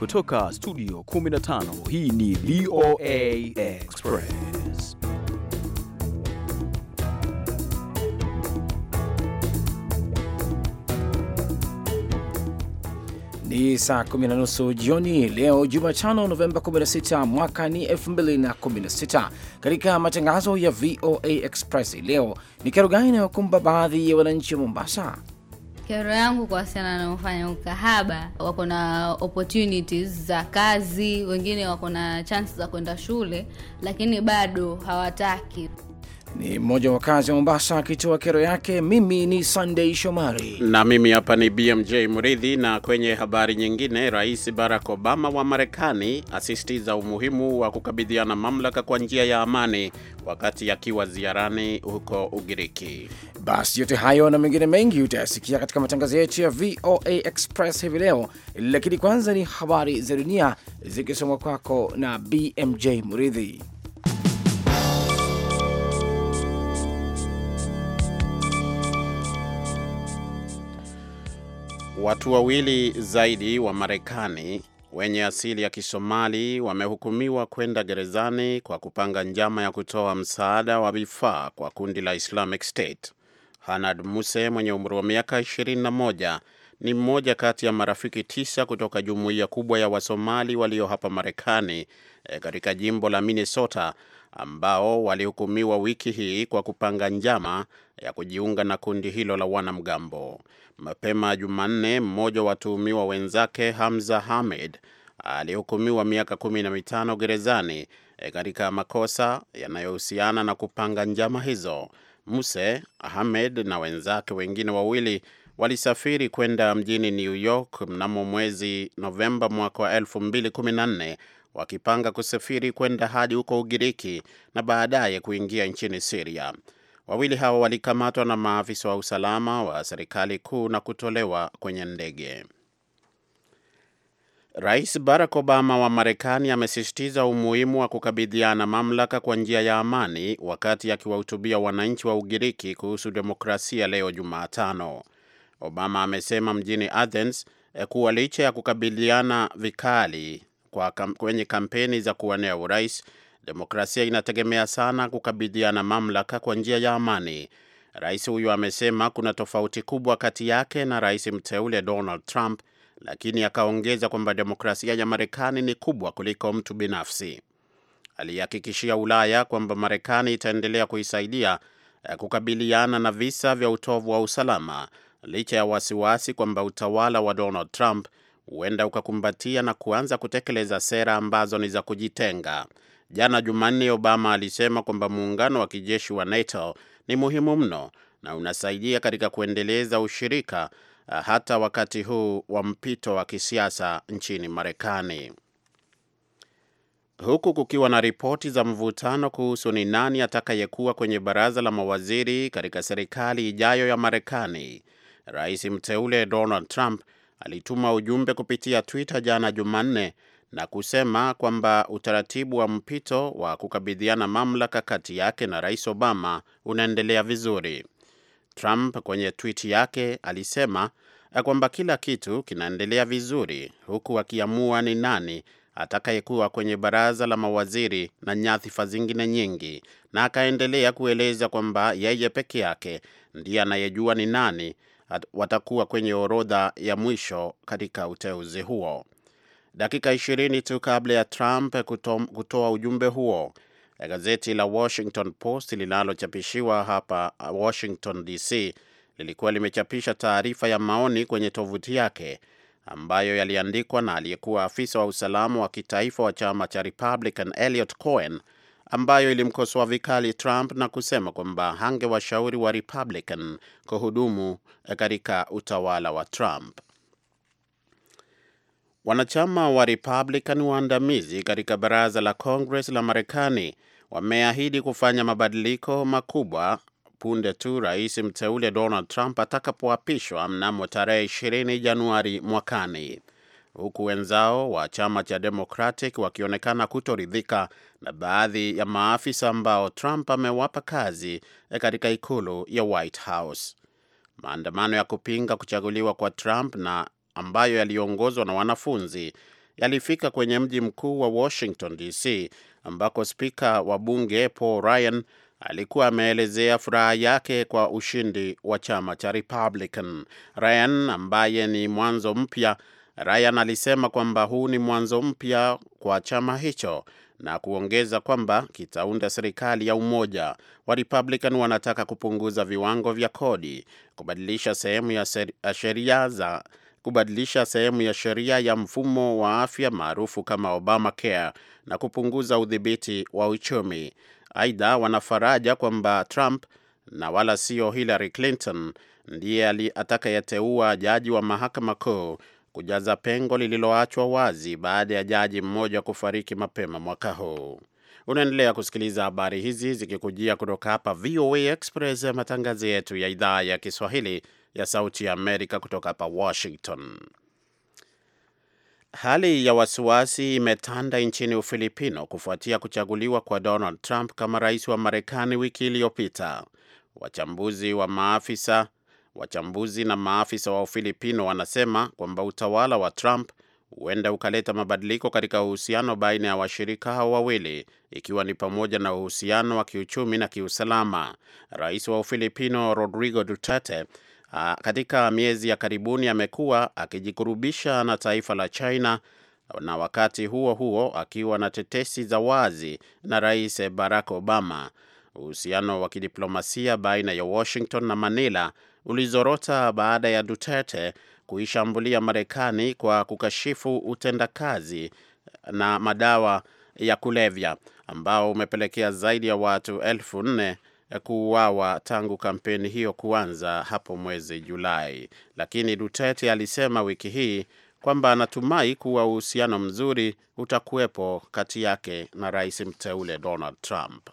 Kutoka studio 15 hii ni VOA Express. Ni saa kumi na nusu jioni leo Jumatano, Novemba 16 mwaka ni 2016. Katika matangazo ya VOA Express leo ni kero gani inayokumba baadhi ya wananchi wa Mombasa? Kero yangu kwa wasichana wanaofanya ukahaba, wako na opportunities za kazi, wengine wako na chance za kwenda shule, lakini bado hawataki. Ni mmoja wa wakazi wa Mombasa akitoa kero yake. Mimi ni Sunday Shomari na mimi hapa ni BMJ Mridhi. Na kwenye habari nyingine, Rais Barack Obama wa Marekani asisitiza umuhimu wa kukabidhiana mamlaka kwa njia ya amani wakati akiwa ziarani huko Ugiriki. Basi yote hayo na mengine mengi utayasikia katika matangazo yetu ya VOA Express hivi leo, lakini kwanza ni habari za dunia zikisomwa kwako na BMJ Mridhi. Watu wawili zaidi wa Marekani wenye asili ya Kisomali wamehukumiwa kwenda gerezani kwa kupanga njama ya kutoa msaada wa vifaa kwa kundi la Islamic State. Hanad Muse mwenye umri wa miaka 21 ni mmoja kati ya marafiki tisa kutoka jumuiya kubwa ya Wasomali walio hapa Marekani eh, katika jimbo la Minnesota ambao walihukumiwa wiki hii kwa kupanga njama ya kujiunga na kundi hilo la wanamgambo. Mapema Jumanne, mmoja wa watuhumiwa wenzake Hamza Hamed alihukumiwa miaka kumi na mitano gerezani e, katika makosa yanayohusiana na kupanga njama hizo. Muse Ahmed na wenzake wengine wawili walisafiri kwenda mjini New York mnamo mwezi Novemba mwaka wa wakipanga kusafiri kwenda hadi huko Ugiriki na baadaye kuingia nchini Siria. Wawili hao walikamatwa na maafisa wa usalama wa serikali kuu na kutolewa kwenye ndege. Rais Barack Obama wa Marekani amesisitiza umuhimu wa kukabidhiana mamlaka kwa njia ya amani wakati akiwahutubia wananchi wa Ugiriki kuhusu demokrasia leo Jumatano. Obama amesema mjini Athens eh, kuwa licha ya kukabiliana vikali kwa kam, kwenye kampeni za kuwania urais, demokrasia inategemea sana kukabidhiana mamlaka kwa njia ya amani. Rais huyu amesema kuna tofauti kubwa kati yake na rais mteule Donald Trump, lakini akaongeza kwamba demokrasia ya Marekani ni kubwa kuliko mtu binafsi. Alihakikishia Ulaya kwamba Marekani itaendelea kuisaidia eh, kukabiliana na visa vya utovu wa usalama licha ya wasiwasi kwamba utawala wa Donald Trump huenda ukakumbatia na kuanza kutekeleza sera ambazo ni za kujitenga. Jana Jumanne, Obama alisema kwamba muungano wa kijeshi wa NATO ni muhimu mno na unasaidia katika kuendeleza ushirika ah, hata wakati huu wa mpito wa kisiasa nchini Marekani, huku kukiwa na ripoti za mvutano kuhusu ni nani atakayekuwa kwenye baraza la mawaziri katika serikali ijayo ya Marekani. Rais mteule Donald Trump alituma ujumbe kupitia Twitter jana Jumanne na kusema kwamba utaratibu wa mpito wa kukabidhiana mamlaka kati yake na Rais Obama unaendelea vizuri. Trump kwenye twiti yake alisema kwamba kila kitu kinaendelea vizuri huku akiamua ni nani atakayekuwa kwenye baraza la mawaziri na nyadhifa zingine nyingi, na akaendelea kueleza kwamba yeye peke yake ndiye anayejua ni nani watakuwa kwenye orodha ya mwisho katika uteuzi huo. Dakika ishirini tu kabla ya Trump kutoa ujumbe huo, gazeti la Washington Post linalochapishiwa hapa Washington DC lilikuwa limechapisha taarifa ya maoni kwenye tovuti yake ambayo yaliandikwa na aliyekuwa afisa wa usalama wa kitaifa wa chama cha Republican Elliot Cohen ambayo ilimkosoa vikali Trump na kusema kwamba washauri wa Republican kuhudumu katika utawala wa Trump. Wanachama wa Republican waandamizi katika baraza la Congress la Marekani wameahidi kufanya mabadiliko makubwa punde tu rais mteule Donald Trump atakapoapishwa mnamo tarehe 20 Januari mwakani huku wenzao wa chama cha Democratic wakionekana kutoridhika na baadhi ya maafisa ambao Trump amewapa kazi eh, katika ikulu ya White House. Maandamano ya kupinga kuchaguliwa kwa Trump na ambayo yaliongozwa na wanafunzi yalifika kwenye mji mkuu wa Washington DC, ambako spika wa bunge Paul Ryan alikuwa ameelezea furaha yake kwa ushindi wa chama cha Republican. Ryan ambaye ni mwanzo mpya Ryan alisema kwamba huu ni mwanzo mpya kwa chama hicho na kuongeza kwamba kitaunda serikali ya umoja. Wa Republican wanataka kupunguza viwango vya kodi, kubadilisha sehemu ya sheria za kubadilisha sehemu ya sheria ya mfumo wa afya maarufu kama Obamacare na kupunguza udhibiti wa uchumi. Aidha, wanafaraja kwamba Trump na wala sio Hillary Clinton ndiye atakayeteua jaji wa mahakama kuu kujaza pengo lililoachwa wazi baada ya jaji mmoja kufariki mapema mwaka huu. Unaendelea kusikiliza habari hizi zikikujia kutoka hapa VOA Express, matangazo yetu ya idhaa ya Kiswahili ya Sauti ya Amerika kutoka hapa Washington. Hali ya wasiwasi imetanda nchini Ufilipino kufuatia kuchaguliwa kwa Donald Trump kama rais wa Marekani wiki iliyopita. Wachambuzi wa maafisa Wachambuzi na maafisa wa Ufilipino wanasema kwamba utawala wa Trump huenda ukaleta mabadiliko katika uhusiano baina ya washirika hao wawili ikiwa ni pamoja na uhusiano wa kiuchumi na kiusalama. Rais wa Ufilipino Rodrigo Duterte katika miezi ya karibuni amekuwa akijikurubisha na taifa la China na wakati huo huo akiwa na tetesi za wazi na Rais Barack Obama. Uhusiano wa kidiplomasia baina ya Washington na Manila ulizorota baada ya Duterte kuishambulia Marekani kwa kukashifu utendakazi na madawa ya kulevya ambao umepelekea zaidi ya watu elfu nne kuuawa tangu kampeni hiyo kuanza hapo mwezi Julai. Lakini Duterte alisema wiki hii kwamba anatumai kuwa uhusiano mzuri utakuwepo kati yake na rais mteule Donald Trump.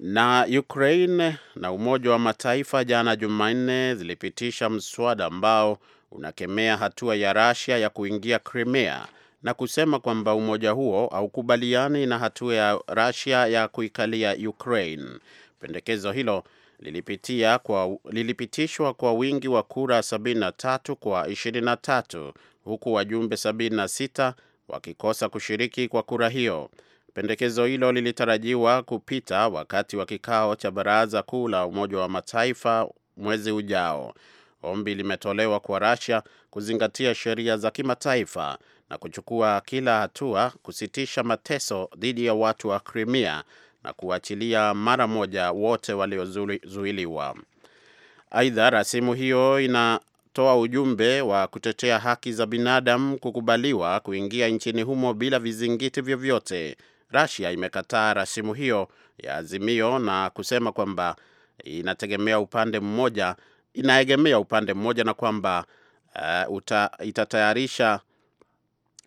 Na Ukraine na Umoja wa Mataifa jana Jumanne zilipitisha mswada ambao unakemea hatua ya Russia ya kuingia Crimea na kusema kwamba umoja huo haukubaliani na hatua ya Russia ya kuikalia Ukraine. Pendekezo hilo lilipitia kwa, lilipitishwa kwa wingi wa kura 73 kwa 23 huku wajumbe 76 wakikosa kushiriki kwa kura hiyo. Pendekezo hilo lilitarajiwa kupita wakati wa kikao cha baraza kuu la Umoja wa Mataifa mwezi ujao. Ombi limetolewa kwa Russia kuzingatia sheria za kimataifa na kuchukua kila hatua kusitisha mateso dhidi ya watu wa Crimea na kuachilia mara moja wote waliozuiliwa. Aidha, rasimu hiyo inatoa ujumbe wa kutetea haki za binadamu kukubaliwa kuingia nchini humo bila vizingiti vyovyote Russia imekataa rasimu hiyo ya azimio na kusema kwamba inategemea upande mmoja, inaegemea upande mmoja na kwamba uh, uta, itatayarisha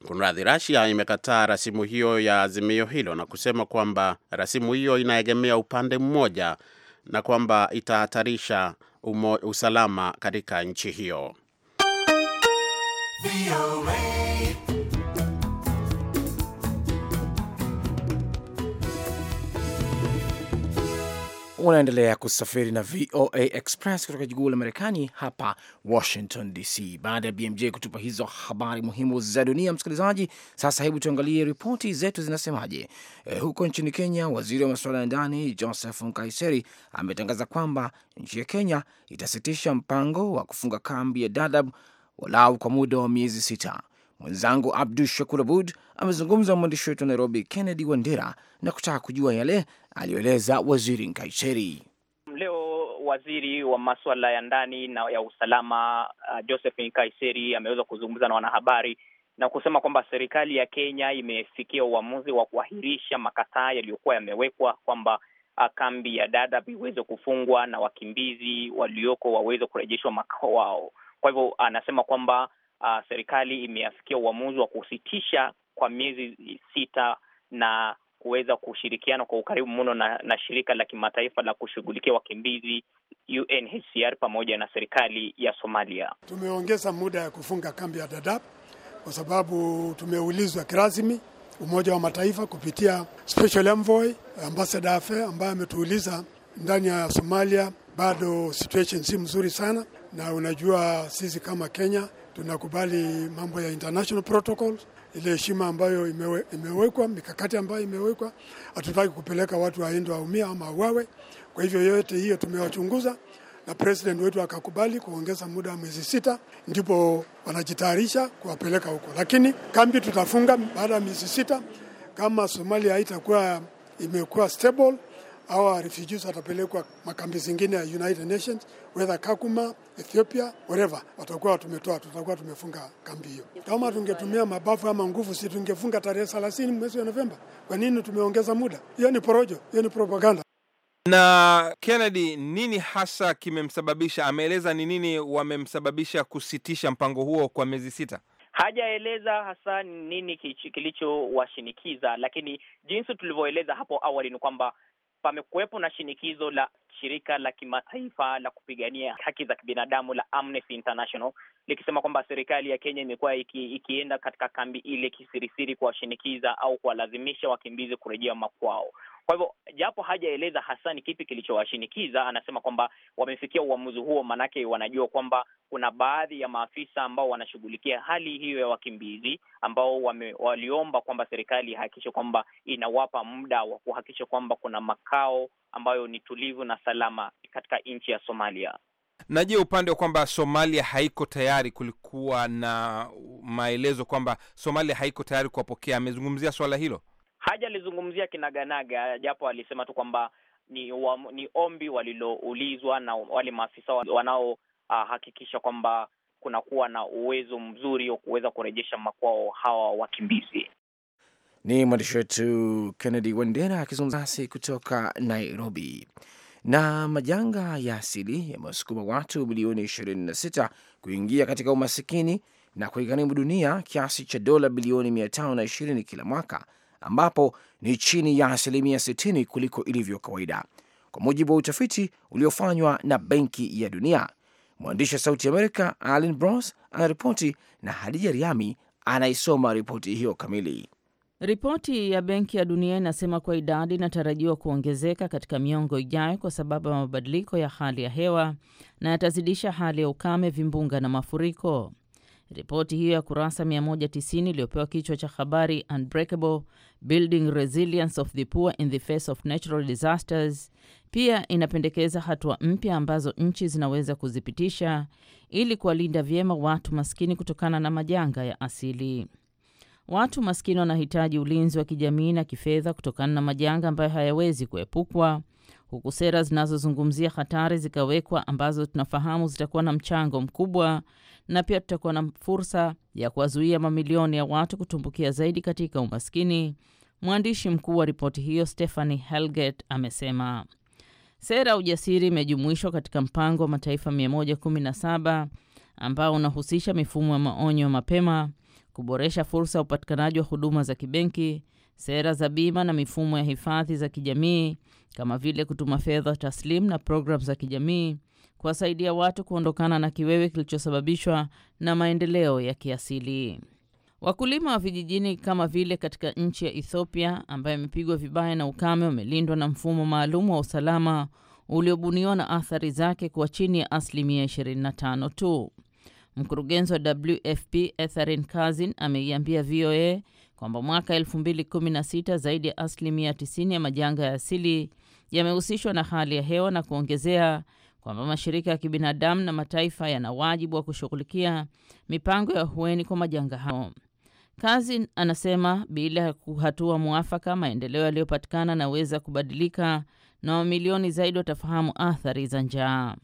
Kunradhi, Russia imekataa rasimu hiyo ya azimio hilo na kusema kwamba rasimu hiyo inaegemea upande mmoja na kwamba itahatarisha umo, usalama katika nchi hiyo. Unaendelea kusafiri na VOA Express kutoka jikuu la Marekani hapa Washington DC. Baada ya BMJ kutupa hizo habari muhimu za dunia, msikilizaji, sasa hebu tuangalie ripoti zetu zinasemaje. E, huko nchini Kenya, waziri wa masuala ya ndani Joseph Nkaiseri ametangaza kwamba nchi ya Kenya itasitisha mpango wa kufunga kambi ya Dadaab walau kwa muda wa miezi sita Mwenzangu Abdu Shakur Abud amezungumza na mwandishi wetu wa Nairobi, Kennedy Wandera, na kutaka kujua yale aliyoeleza Waziri Nkaicheri. Leo waziri wa maswala ya ndani na ya usalama uh, Joseph Nkaiseri ameweza kuzungumza na wanahabari na kusema kwamba serikali ya Kenya imefikia uamuzi wa kuahirisha makataa yaliyokuwa yamewekwa kwamba uh, kambi ya Dadaab iweze kufungwa na wakimbizi walioko waweze kurejeshwa makao wao. Kwa hivyo anasema kwamba uh, serikali imeafikia uamuzi wa kusitisha kwa miezi sita na kuweza kushirikiana kwa ukaribu mno na, na shirika la kimataifa la kushughulikia wakimbizi UNHCR pamoja na serikali ya Somalia. Tumeongeza muda ya kufunga kambi ya Dadaab kwa sababu tumeulizwa kirasmi Umoja wa Mataifa kupitia Special Envoy Ambassador Afe ambaye ametuuliza ndani ya Somalia bado situation si mzuri sana, na unajua sisi kama Kenya tunakubali mambo ya international protocol, ile heshima ambayo imewe, imewekwa, mikakati ambayo imewekwa. Hatutaki kupeleka watu waende waumia ama wawe. Kwa hivyo yote hiyo tumewachunguza na president wetu akakubali kuongeza muda wa miezi sita, ndipo wanajitayarisha kuwapeleka huko, lakini kambi tutafunga baada ya miezi sita kama Somalia haitakuwa imekuwa stable our refugees watapelekwa makambi zingine ya United Nations, whether Kakuma, Ethiopia, wherever watakuwa tumetoa, tutakuwa tumefunga kambi hiyo. Kama tungetumia mabavu ama nguvu, si tungefunga tarehe 30 mwezi wa Novemba? Kwa nini tumeongeza muda? Hiyo ni porojo, hiyo ni propaganda. Na Kennedy, nini hasa kimemsababisha? Ameeleza ni nini wamemsababisha kusitisha mpango huo kwa miezi sita. Hajaeleza hasa nini kilichowashinikiza, lakini jinsi tulivyoeleza hapo awali ni kwamba pamekuwepo na shinikizo la shirika la kimataifa la kupigania haki za kibinadamu la Amnesty International likisema kwamba serikali ya Kenya imekuwa iki, ikienda katika kambi ile kisirisiri kuwashinikiza au kuwalazimisha wakimbizi kurejea makwao. Kwa hivyo japo hajaeleza hasa ni kipi kilichowashinikiza, anasema kwamba wamefikia uamuzi huo maanake wanajua kwamba kuna baadhi ya maafisa ambao wanashughulikia hali hiyo ya wakimbizi ambao wame, waliomba kwamba serikali ihakikishe kwamba inawapa muda wa kuhakikisha kwamba kuna makao ambayo ni tulivu na salama katika nchi ya Somalia. Na je, upande wa kwamba Somalia haiko tayari, kulikuwa na maelezo kwamba Somalia haiko tayari kuwapokea, amezungumzia swala hilo? hajalizungumzia kinaganaga, japo alisema tu kwamba ni, ni ombi waliloulizwa na wale maafisa wanaohakikisha ah, uh, kwamba kunakuwa na uwezo mzuri wa kuweza kurejesha makwao hawa wakimbizi. Ni mwandishi wetu Kennedy Wendera akizungumza nasi kutoka Nairobi. Na majanga ya asili yamewasukuma watu bilioni 26 kuingia katika umasikini na kuigharimu dunia kiasi cha dola bilioni 520 kila mwaka ambapo ni chini ya asilimia 60 kuliko ilivyo kawaida, kwa mujibu wa utafiti uliofanywa na Benki ya Dunia. Mwandishi wa Sauti Amerika Alan Bros anaripoti na Hadija Riami anaisoma ripoti hiyo kamili. Ripoti ya Benki ya Dunia inasema kuwa idadi inatarajiwa kuongezeka katika miongo ijayo kwa sababu ya mabadiliko ya hali ya hewa na yatazidisha hali ya ukame, vimbunga na mafuriko. Ripoti hiyo ya kurasa 190 iliyopewa kichwa cha habari Unbreakable Building Resilience of the Poor in the Face of Natural Disasters pia inapendekeza hatua mpya ambazo nchi zinaweza kuzipitisha ili kuwalinda vyema watu maskini kutokana na majanga ya asili. Watu maskini wanahitaji ulinzi wa kijamii na kifedha kutokana na majanga ambayo hayawezi kuepukwa, huku sera zinazozungumzia hatari zikawekwa ambazo tunafahamu zitakuwa na mchango mkubwa na pia tutakuwa na fursa ya kuwazuia mamilioni ya watu kutumbukia zaidi katika umaskini. Mwandishi mkuu wa ripoti hiyo Stephanie Helget amesema sera ya ujasiri imejumuishwa katika mpango wa mataifa 117 ambao unahusisha mifumo ya maonyo mapema, kuboresha fursa ya upatikanaji wa huduma za kibenki, sera za bima na mifumo ya hifadhi za kijamii kama vile kutuma fedha taslim na programu za kijamii kuwasaidia watu kuondokana na kiwewe kilichosababishwa na maendeleo ya kiasili. Wakulima wa vijijini kama vile katika nchi ya Ethiopia ambayo imepigwa vibaya na ukame, wamelindwa na mfumo maalum wa usalama uliobuniwa na athari zake kuwa chini ya asilimia 25 tu. Mkurugenzi wa WFP Etherin Kazin ameiambia VOA kwamba mwaka 2016 zaidi ya asilimia 90 ya majanga ya asili yamehusishwa na hali ya hewa na kuongezea kwamba mashirika ya kibinadamu na mataifa yana wajibu wa kushughulikia mipango ya hueni kwa majanga hayo. Kazi anasema bila ya kuhatua mwafaka, maendeleo yaliyopatikana naweza kubadilika na mamilioni zaidi watafahamu athari za njaa.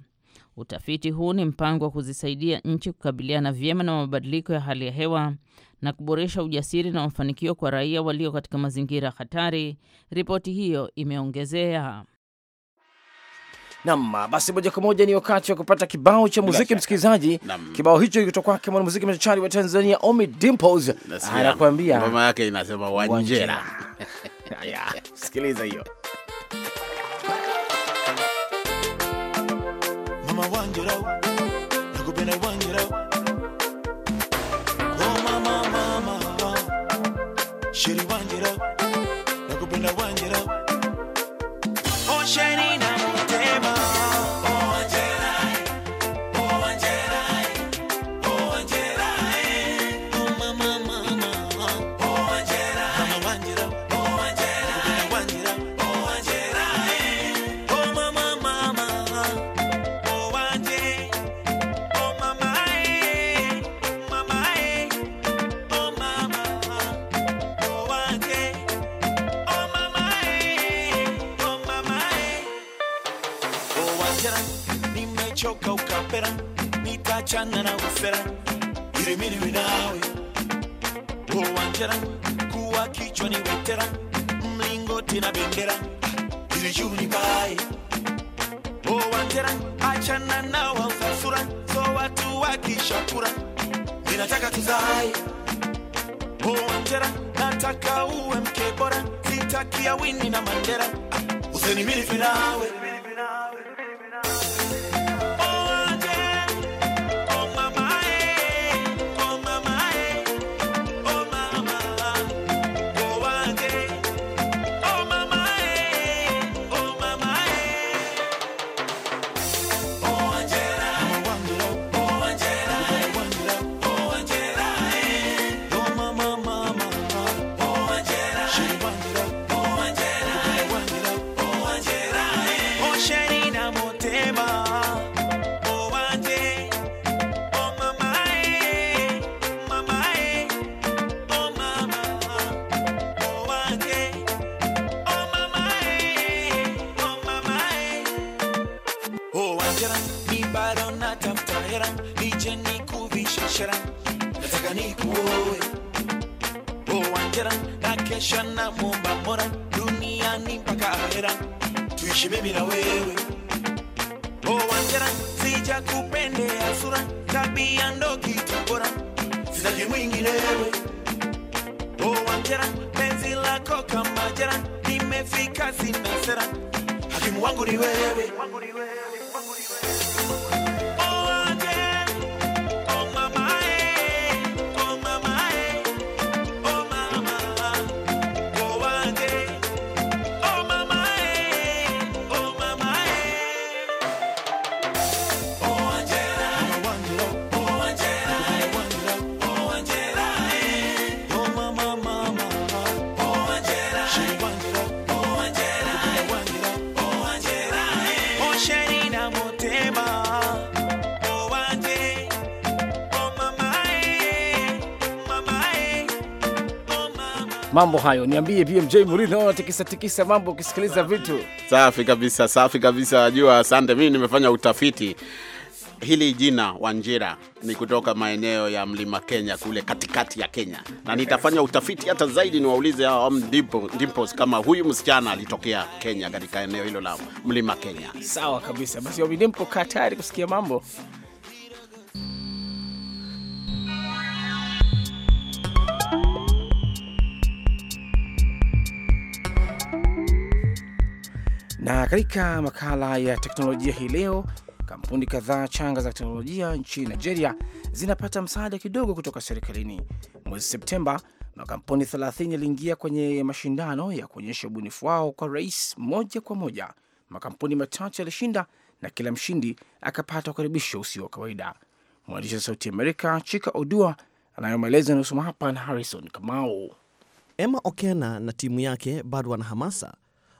Utafiti huu ni mpango wa kuzisaidia nchi kukabiliana vyema na mabadiliko ya hali ya hewa na kuboresha ujasiri na mafanikio kwa raia walio katika mazingira hatari, ripoti hiyo imeongezea. Naam, basi moja kwa moja ni wakati wa kupata kibao cha muziki msikilizaji. Kibao hicho kitoka kwake mwanamuziki machachari wa Tanzania Omi Dimples, anakuambia mama yake inasema Wanjera. Haya, sikiliza hiyo mama nakupenda Wanjera, oh, nakupenda Wanjera I'm changana kufera ishi mimi na wewe. Oh, wanjara sija kupendea sura, tabia ndo kitu bora, sitaki mwinginewe. Oh, wanjara penzi lako kama jera, nimefika sina sera, hakimu wangu ni wewe, wangu ni wewe. mambo hayo. Niambie BMJ Muridhi, naona tikisa tikisa mambo ukisikiliza vitu. Safi kabisa, safi kabisa. Najua, asante. Mimi nimefanya utafiti Hili jina Wanjira ni kutoka maeneo ya mlima Kenya kule katikati ya Kenya, na nitafanya utafiti hata zaidi, niwaulize hao kama huyu msichana alitokea Kenya katika eneo hilo la mlima Kenya. Sawa kabisa, basi Dimples, kaa tayari kusikia mambo Na katika makala ya teknolojia hii leo, kampuni kadhaa changa za teknolojia nchini Nigeria zinapata msaada kidogo kutoka serikalini. Mwezi Septemba, makampuni 30 yaliingia kwenye mashindano ya kuonyesha ubunifu wao kwa rais moja kwa moja. Makampuni matatu yalishinda na kila mshindi akapata ukaribisho usio wa kawaida. Mwandishi wa Sauti Amerika Chika Odua anayomaliza anayosoma hapa na Harrison Kamau. Emma Okena na timu yake bado wana hamasa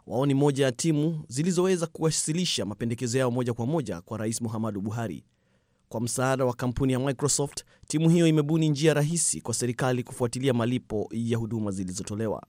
wao ni moja ya timu zilizoweza kuwasilisha mapendekezo yao moja kwa moja kwa Rais muhamadu Buhari. Kwa msaada wa kampuni ya Microsoft, timu hiyo imebuni njia rahisi kwa serikali kufuatilia malipo ya huduma zilizotolewa.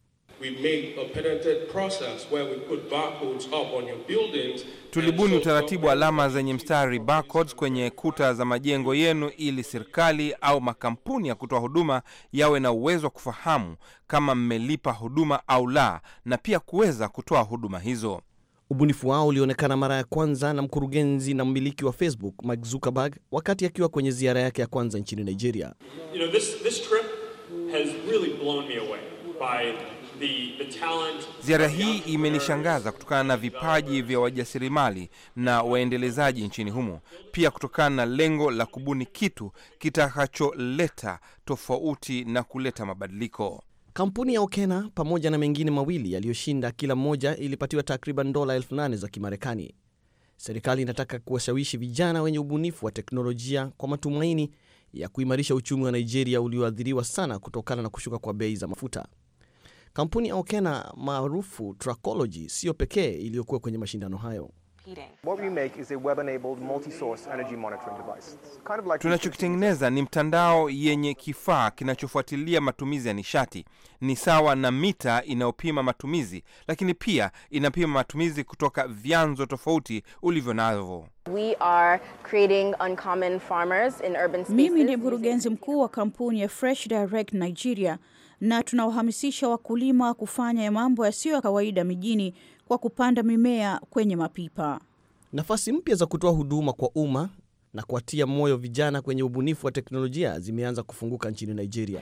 Tulibuni utaratibu wa alama zenye mstari barcodes kwenye kuta za majengo yenu ili serikali au makampuni ya kutoa huduma yawe na uwezo wa kufahamu kama mmelipa huduma au la, na pia kuweza kutoa huduma hizo. Ubunifu wao ulionekana mara ya kwanza na mkurugenzi na mmiliki wa Facebook Mark Zuckerberg wakati akiwa kwenye ziara yake ya kwanza nchini Nigeria. you know, this, this trip has really blown me away by Ziara hii imenishangaza kutokana na vipaji vya wajasiriamali na waendelezaji nchini humo, pia kutokana na lengo la kubuni kitu kitakacholeta tofauti na kuleta mabadiliko. Kampuni ya Okena pamoja na mengine mawili yaliyoshinda, kila mmoja ilipatiwa takriban dola elfu nane za Kimarekani. Serikali inataka kuwashawishi vijana wenye ubunifu wa teknolojia kwa matumaini ya kuimarisha uchumi wa Nigeria ulioathiriwa sana kutokana na kushuka kwa bei za mafuta. Kampuni Aokena maarufu Tracology siyo pekee iliyokuwa kwenye mashindano hayo. tunachokitengeneza ni mtandao yenye kifaa kinachofuatilia matumizi ya nishati. Ni sawa na mita inayopima matumizi, lakini pia inapima matumizi kutoka vyanzo tofauti ulivyo navyo. Mimi ni mkurugenzi mkuu wa kampuni ya Fresh Direct Nigeria na tunawahamasisha wakulima kufanya mambo yasiyo ya kawaida mijini kwa kupanda mimea kwenye mapipa. Nafasi mpya za kutoa huduma kwa umma na kuwatia moyo vijana kwenye ubunifu wa teknolojia zimeanza kufunguka nchini Nigeria.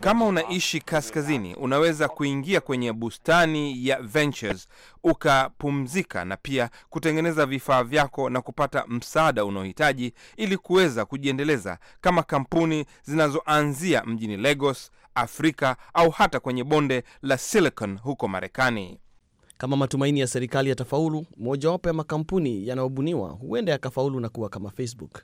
Kama unaishi kaskazini, unaweza kuingia kwenye bustani ya Ventures ukapumzika na pia kutengeneza vifaa vyako na kupata msaada unaohitaji ili kuweza kujiendeleza, kama kampuni zinazoanzia mjini Lagos, Afrika au hata kwenye bonde la Silicon huko Marekani. Kama matumaini ya serikali yatafaulu, mojawapo ya makampuni yanayobuniwa huenda yakafaulu na kuwa kama Facebook.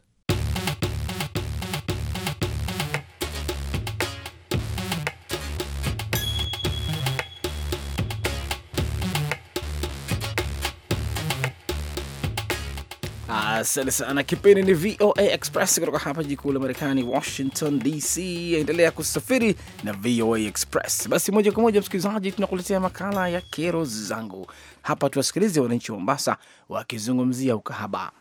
Asante sana. Kipindi ni VOA Express kutoka hapa jiji kuu la Marekani, Washington DC. Endelea kusafiri na VOA Express. Basi moja kwa moja, msikilizaji, tunakuletea makala ya kero zangu. Hapa tuwasikilize wananchi wa Mombasa wakizungumzia ukahaba.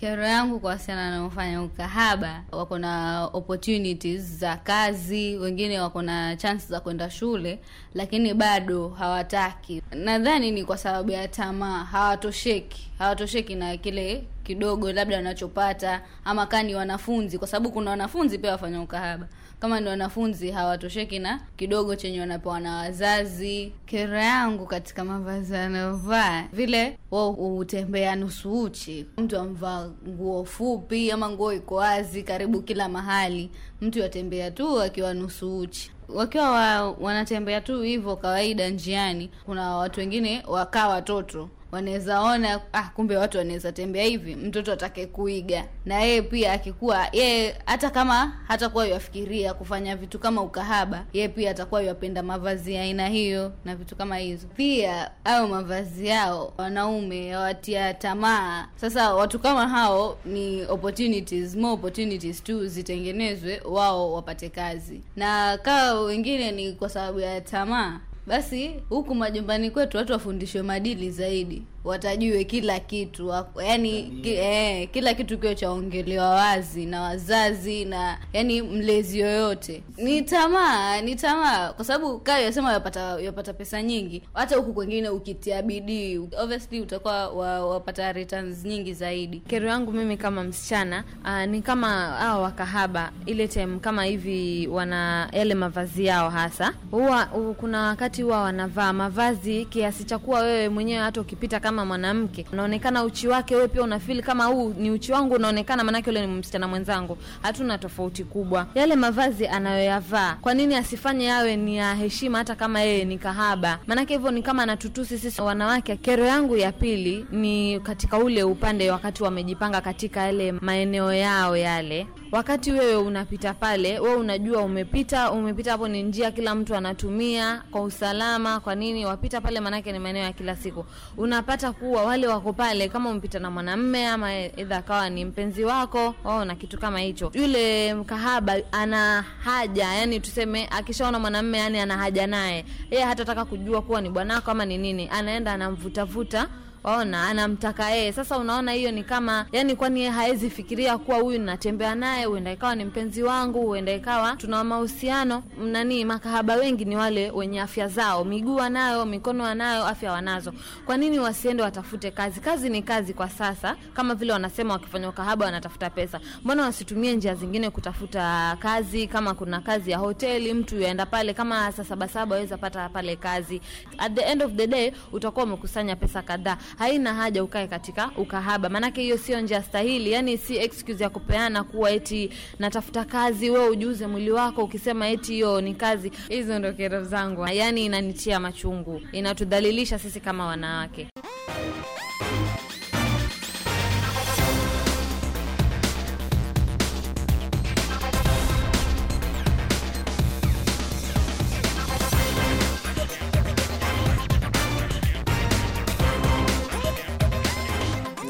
Kero yangu kwa wasichana wanaofanya ukahaba, wako na opportunities za kazi, wengine wako na chance za kwenda shule, lakini bado hawataki. Nadhani ni kwa sababu ya tamaa, hawatosheki, hawatosheki na kile kidogo labda wanachopata, ama kani wanafunzi, kwa sababu kuna wanafunzi pia wafanya ukahaba kama ni wanafunzi hawatosheki na kidogo chenye wanapewa na wazazi. Kero yangu katika mavazi yanayovaa vile wa hutembea nusu uchi, mtu amvaa nguo fupi ama nguo iko wazi karibu kila mahali, mtu atembea tu akiwa nusu uchi wakiwa wa, wanatembea tu hivyo kawaida njiani. Kuna watu wengine wakaa watoto wanaweza ona ah, kumbe watu wanaweza tembea hivi, mtoto atake kuiga na yeye pia. Akikuwa yeye hata kama hatakuwa yafikiria kufanya vitu kama ukahaba, yeye pia atakuwa yapenda mavazi ya aina hiyo na vitu kama hizo. Pia hayo mavazi yao wanaume yawatia tamaa. Sasa watu kama hao ni opportunities, more opportunities tu zitengenezwe, wao wapate kazi, na kawa wengine ni kwa sababu ya tamaa basi huku majumbani kwetu watu wafundishwe madili zaidi watajue kila kitu yani yaani ki, eh, kila kitu kiwe chaongelewa wazi na wazazi na yani mlezi yoyote. Ni tamaa, ni tamaa, kwa sababu kaa yasema yapata yapata pesa nyingi, hata huku kwengine ukitia bidii obviously utakuwa wa, wapata returns nyingi zaidi. Kero yangu mimi kama msichana uh, ni kama hao wakahaba ile time kama hivi wana yale mavazi yao hasa huwa kuna wakati huwa wanavaa mavazi kiasi cha kuwa wewe mwenyewe hata ukipita kama kama mwanamke unaonekana uchi wake, wewe pia unafili kama huu ni uchi wangu unaonekana, maanake yule ni msichana mwenzangu. Hatuna tofauti kubwa. Yale mavazi anayoyavaa, kwa nini asifanye yawe ni ya heshima, hata kama yeye ni kahaba? Maanake hivyo ni kama anatutusi sisi wanawake. Kero yangu ya pili ni katika ule upande wakati wamejipanga katika yale maeneo yao yale wakati wewe unapita pale, wewe unajua umepita, umepita hapo, ni njia kila mtu anatumia kwa usalama. Kwa nini wapita pale? Maanake ni maeneo ya kila siku. Unapata kuwa wale wako pale, kama umepita na mwanamme ama edha akawa ni mpenzi wako wao na kitu kama hicho, yule mkahaba ana haja, yani tuseme akishaona mwanamme, yani ana haja naye, yeye hatataka kujua kuwa ni bwanako ama ni nini, anaenda anamvutavuta waona anamtaka yeye. Sasa unaona hiyo ni kama yani, kwani yeye hawezi fikiria kuwa huyu ninatembea naye huenda ikawa ni mpenzi wangu, huenda ikawa tuna mahusiano nani. Makahaba wengi ni wale wenye afya zao, miguu wanayo, mikono wanayo, afya wanazo. Kwa nini wasiende watafute kazi? Kazi ni kazi kwa sasa, kama vile wanasema wakifanya ukahaba wanatafuta pesa. Mbona wasitumie njia zingine kutafuta kazi? Kama kuna kazi ya hoteli, mtu yaenda pale, kama saa saba saba pata pale kazi. At the end of the day utakuwa umekusanya pesa kadhaa haina haja ukae katika ukahaba, maanake hiyo sio njia stahili, yani si excuse ya kupeana kuwa eti natafuta kazi, wewe ujuze mwili wako ukisema eti hiyo ni kazi. Hizo ndio kero zangu, yani inanitia machungu, inatudhalilisha sisi kama wanawake.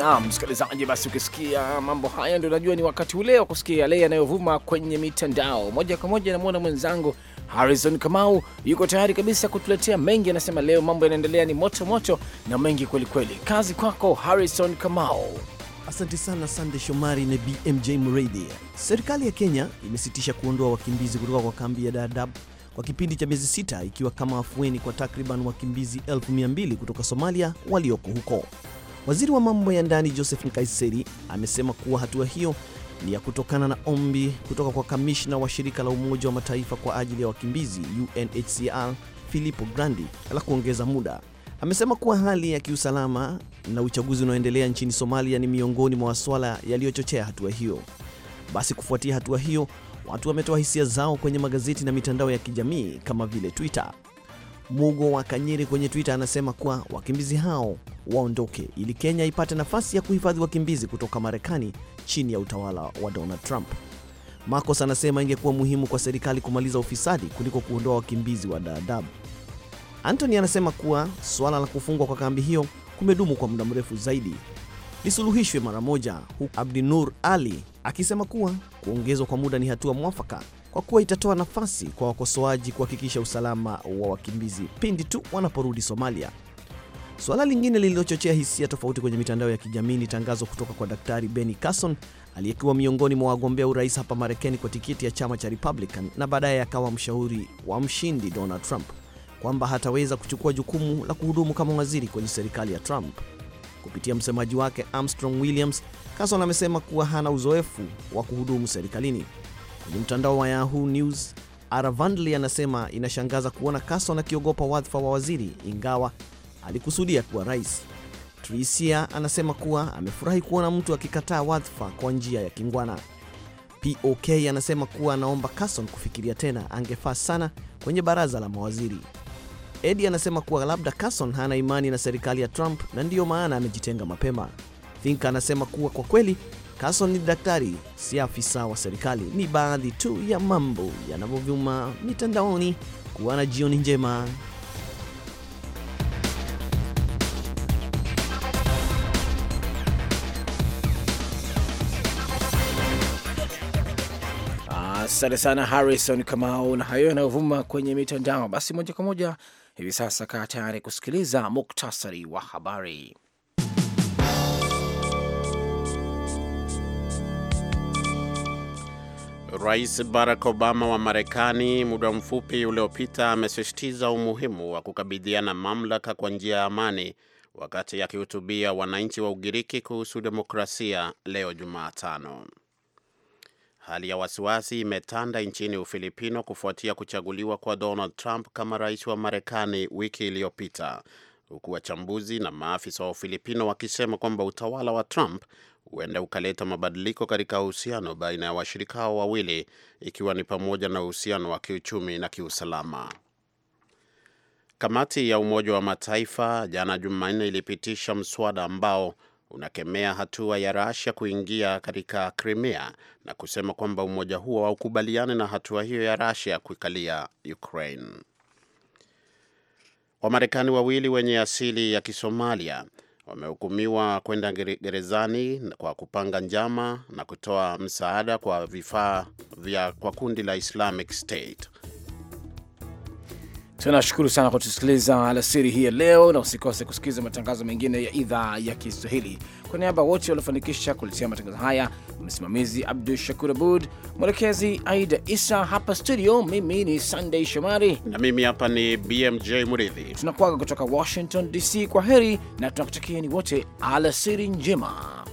Naam, msikilizaji, basi ukisikia mambo haya ndio unajua ni wakati ule wa kusikia yale yanayovuma kwenye mitandao. Moja kwa moja namwona mwenzangu Harrison Kamau yuko tayari kabisa kutuletea mengi, anasema leo mambo yanaendelea ni moto moto na mengi kweli kweli. Kazi kwako Harrison Kamau. Asante sana Sande Shomari na BMJ Muridi. Serikali ya Kenya imesitisha kuondoa wakimbizi kutoka kwa kambi ya Dadaab kwa kipindi cha miezi sita, ikiwa kama afueni kwa takriban wakimbizi elfu mia mbili kutoka Somalia walioko huko. Waziri wa mambo ya ndani Joseph Nkaiseri amesema kuwa hatua hiyo ni ya kutokana na ombi kutoka kwa kamishna wa shirika la Umoja wa Mataifa kwa ajili ya wakimbizi UNHCR Filippo Grandi la kuongeza muda. Amesema kuwa hali ya kiusalama na uchaguzi unaoendelea nchini Somalia ni miongoni mwa masuala yaliyochochea hatua hiyo. Basi kufuatia hatua hiyo, watu wametoa hisia zao kwenye magazeti na mitandao ya kijamii kama vile Twitter. Mugo wa Kanyiri kwenye Twitter anasema kuwa wakimbizi hao waondoke ili Kenya ipate nafasi ya kuhifadhi wakimbizi kutoka Marekani chini ya utawala wa Donald Trump. Marcos anasema ingekuwa muhimu kwa serikali kumaliza ufisadi kuliko kuondoa wakimbizi wa Dadaab. Anthony anasema kuwa suala la kufungwa kwa kambi hiyo kumedumu kwa muda mrefu zaidi lisuluhishwe mara moja, huku Abdinur Ali akisema kuwa kuongezwa kwa muda ni hatua mwafaka kwa kuwa itatoa nafasi kwa wakosoaji kuhakikisha usalama wa wakimbizi pindi tu wanaporudi Somalia. Suala lingine lililochochea hisia tofauti kwenye mitandao ya kijamii ni tangazo kutoka kwa Daktari Benny Carson aliyekuwa miongoni mwa wagombea urais hapa Marekani kwa tiketi ya chama cha Republican na baadaye akawa mshauri wa mshindi Donald Trump kwamba hataweza kuchukua jukumu la kuhudumu kama waziri kwenye serikali ya Trump. Kupitia msemaji wake Armstrong Williams, Carson amesema kuwa hana uzoefu wa kuhudumu serikalini. Kwenye mtandao wa Yahoo News, Aravandli anasema inashangaza kuona Carson akiogopa wadhifa wa waziri ingawa alikusudia kuwa rais. Trisia anasema kuwa amefurahi kuona mtu akikataa wadhifa kwa njia ya kingwana. POK anasema kuwa anaomba kason kufikiria tena, angefaa sana kwenye baraza la mawaziri. Edi anasema kuwa labda kason hana imani na serikali ya Trump na ndiyo maana amejitenga mapema. think anasema kuwa kwa kweli Carson ni daktari, si afisa wa serikali. Ni baadhi tu ya mambo yanavyovyuma mitandaoni. Kuwa na jioni njema. Asante sana Harrison Kamau na hayo yanayovuma kwenye mitandao. Basi moja kwa moja hivi sasa, kaa tayari kusikiliza muktasari wa habari. Rais Barack Obama wa Marekani muda mfupi uliopita amesisitiza umuhimu wa kukabidhiana mamlaka kwa njia ya amani wakati akihutubia wananchi wa Ugiriki kuhusu demokrasia leo Jumatano. Hali ya wasiwasi imetanda nchini Ufilipino kufuatia kuchaguliwa kwa Donald Trump kama rais wa Marekani wiki iliyopita, huku wachambuzi na maafisa wa Ufilipino wakisema kwamba utawala wa Trump huenda ukaleta mabadiliko katika uhusiano baina ya washirika hao wawili, ikiwa ni pamoja na uhusiano wa kiuchumi na kiusalama. Kamati ya Umoja wa Mataifa jana Jumanne ilipitisha mswada ambao unakemea hatua ya Russia kuingia katika Crimea na kusema kwamba umoja huo haukubaliani na hatua hiyo ya Russia kuikalia Ukraine. Wamarekani wawili wenye asili ya Kisomalia wamehukumiwa kwenda gerezani kwa kupanga njama na kutoa msaada kwa vifaa vya kwa kundi la Islamic State. Tunashukuru sana kwa kutusikiliza alasiri hii ya leo, na usikose kusikiliza matangazo mengine ya idhaa ya Kiswahili. Kwa niaba wote waliofanikisha kuletea matangazo haya, msimamizi Abdu Shakur Abud, mwelekezi Aida Isa hapa studio, mimi ni Sandey Shomari na mimi hapa ni BMJ Muridhi. Tunakuaga kutoka Washington DC. Kwa heri na tunakutakieni wote alasiri njema.